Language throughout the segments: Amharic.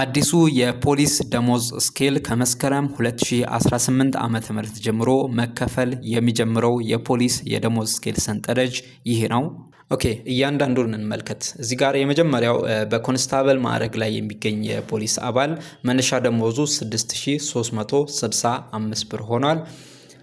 አዲሱ የፖሊስ ደሞዝ ስኬል ከመስከረም 2018 ዓ.ም ጀምሮ መከፈል የሚጀምረው የፖሊስ የደሞዝ ስኬል ሰንጠረዥ ይህ ነው። ኦኬ እያንዳንዱን እንመልከት። እዚህ ጋር የመጀመሪያው በኮንስታብል ማዕረግ ላይ የሚገኝ የፖሊስ አባል መነሻ ደሞዙ 6365 ብር ሆኗል።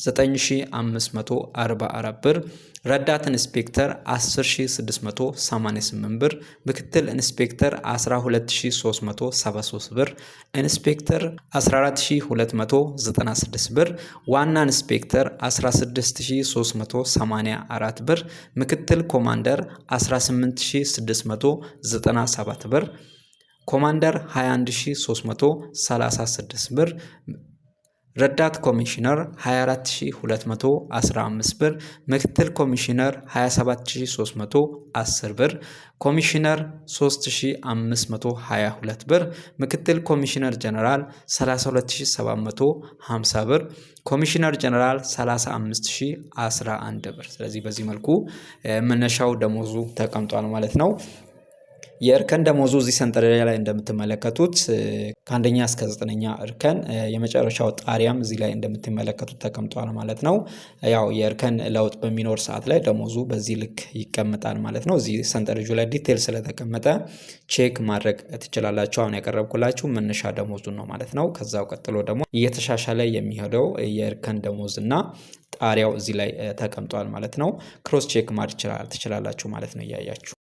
9544 ብር፣ ረዳት ኢንስፔክተር 10688 ብር፣ ምክትል ኢንስፔክተር 12373 ብር፣ ኢንስፔክተር 14296 ብር፣ ዋና ኢንስፔክተር 16384 ብር፣ ምክትል ኮማንደር 18697 ብር፣ ኮማንደር 21336 ብር ረዳት ኮሚሽነር 24215 ብር፣ ምክትል ኮሚሽነር 27310 ብር፣ ኮሚሽነር 3522 ብር፣ ምክትል ኮሚሽነር ጀነራል 32750 ብር፣ ኮሚሽነር ጀነራል 35011 ብር። ስለዚህ በዚህ መልኩ መነሻው ደሞዙ ተቀምጧል ማለት ነው። የእርከን ደሞዙ እዚህ ሰንጠረዥ ላይ እንደምትመለከቱት ከአንደኛ እስከ ዘጠነኛ እርከን የመጨረሻው ጣሪያም እዚህ ላይ እንደምትመለከቱት ተቀምጧል ማለት ነው። ያው የእርከን ለውጥ በሚኖር ሰዓት ላይ ደሞዙ በዚህ ልክ ይቀመጣል ማለት ነው። እዚህ ሰንጠረዡ ላይ ዲቴል ስለተቀመጠ ቼክ ማድረግ ትችላላችሁ። አሁን ያቀረብኩላችሁ መነሻ ደሞዙን ነው ማለት ነው። ከዛው ቀጥሎ ደግሞ እየተሻሻለ የሚሄደው የእርከን ደሞዝ እና ጣሪያው እዚህ ላይ ተቀምጧል ማለት ነው። ክሮስ ቼክ ማድረግ ትችላላችሁ ማለት ነው እያያችሁ